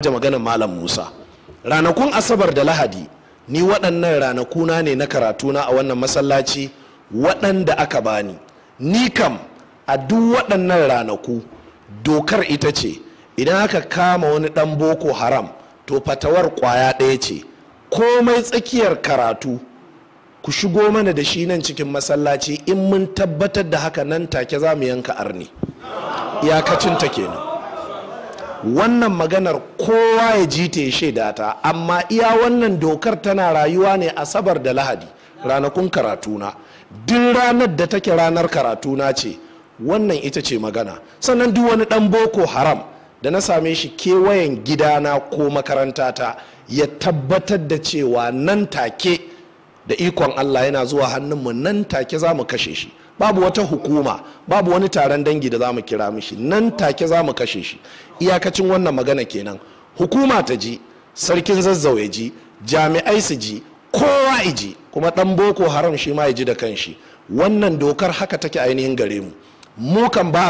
da maganar malam musa ranakun asabar da lahadi ni waɗannan ranakuna ne na karatuna a wannan masallaci waɗanda aka bani ni kam a duk waɗannan ranaku dokar ita ce idan aka kama wani ɗan boko haram to fatawar ƙwaya ɗaya ce komai tsakiyar karatu ku shigo mana da shi nan cikin masallaci in mun tabbatar da haka nan take za mu yanka arni iyakacinta kenan wannan maganar kowa ya ji ta ya shaida ta amma iya wannan dokar tana rayuwa ne asabar da lahadi ranakun karatuna duk ranar da take ranar karatuna ce wannan ita ce magana sannan duk wani dan boko haram da na same shi kewayen gidana ko makarantata ya tabbatar da cewa nan take da ikon Allah yana zuwa hannun mu nan take za mu kashe shi babu wata hukuma babu wani taron dangi da za mu kira mishi nan take za mu kashe shi iyakacin wannan magana kenan hukuma ta ji sarkin zazzau ya ji jami'ai su ji kowa ya ji kuma dan boko haram shi ma ya ji da kanshi wannan dokar haka take ainihin gare mu mu kan ba